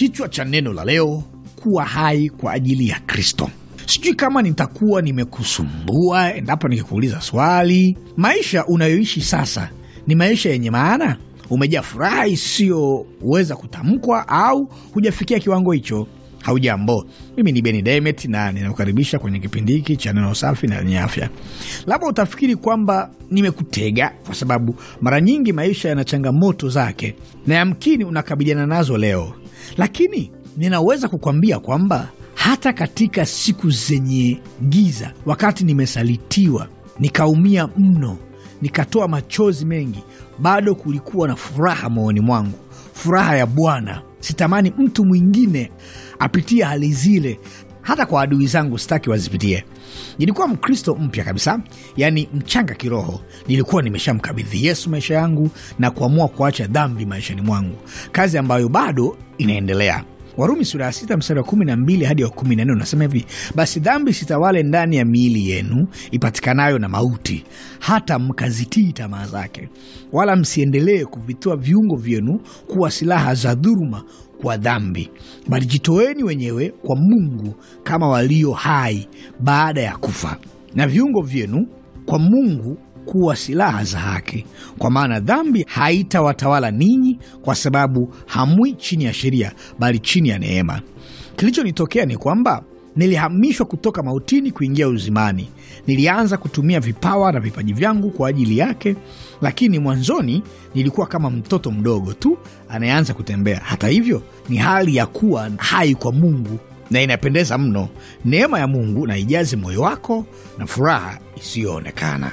Kichwa cha neno la leo: kuwa hai kwa ajili ya Kristo. Sijui kama nitakuwa nimekusumbua endapo nikikuuliza swali, maisha unayoishi sasa ni maisha yenye maana? Umejaa furaha isiyoweza kutamkwa, au hujafikia kiwango hicho? Haujambo, mimi ni Beni Demet na ninakukaribisha kwenye kipindi hiki cha neno safi na lenye afya. Labda utafikiri kwamba nimekutega, kwa sababu mara nyingi maisha yana changamoto zake na yamkini unakabiliana nazo leo lakini ninaweza kukwambia kwamba hata katika siku zenye giza, wakati nimesalitiwa, nikaumia mno, nikatoa machozi mengi, bado kulikuwa na furaha moyoni mwangu, furaha ya Bwana. Sitamani mtu mwingine apitie hali zile hata kwa adui zangu sitaki wazipitie. Nilikuwa Mkristo mpya kabisa, yaani mchanga kiroho. Nilikuwa nimeshamkabidhi Yesu maisha yangu na kuamua kuacha dhambi maishani mwangu, kazi ambayo bado inaendelea. Warumi sura ya sita mstari wa kumi na mbili hadi wa kumi na nne unasema hivi: basi dhambi sitawale ndani ya miili yenu ipatikanayo na mauti, hata mkazitii tamaa zake, wala msiendelee kuvitoa viungo vyenu kuwa silaha za dhuruma kwa dhambi, bali jitoeni wenyewe kwa Mungu kama walio hai baada ya kufa, na viungo vyenu kwa Mungu kuwa silaha za haki, kwa maana dhambi haitawatawala ninyi, kwa sababu hamwi chini ya sheria, bali chini ya neema. Kilichonitokea ni kwamba nilihamishwa kutoka mautini kuingia uzimani. Nilianza kutumia vipawa na vipaji vyangu kwa ajili yake, lakini mwanzoni nilikuwa kama mtoto mdogo tu anayeanza kutembea. Hata hivyo, ni hali ya kuwa hai kwa Mungu na inapendeza mno. Neema ya Mungu na ijaze moyo wako na furaha isiyoonekana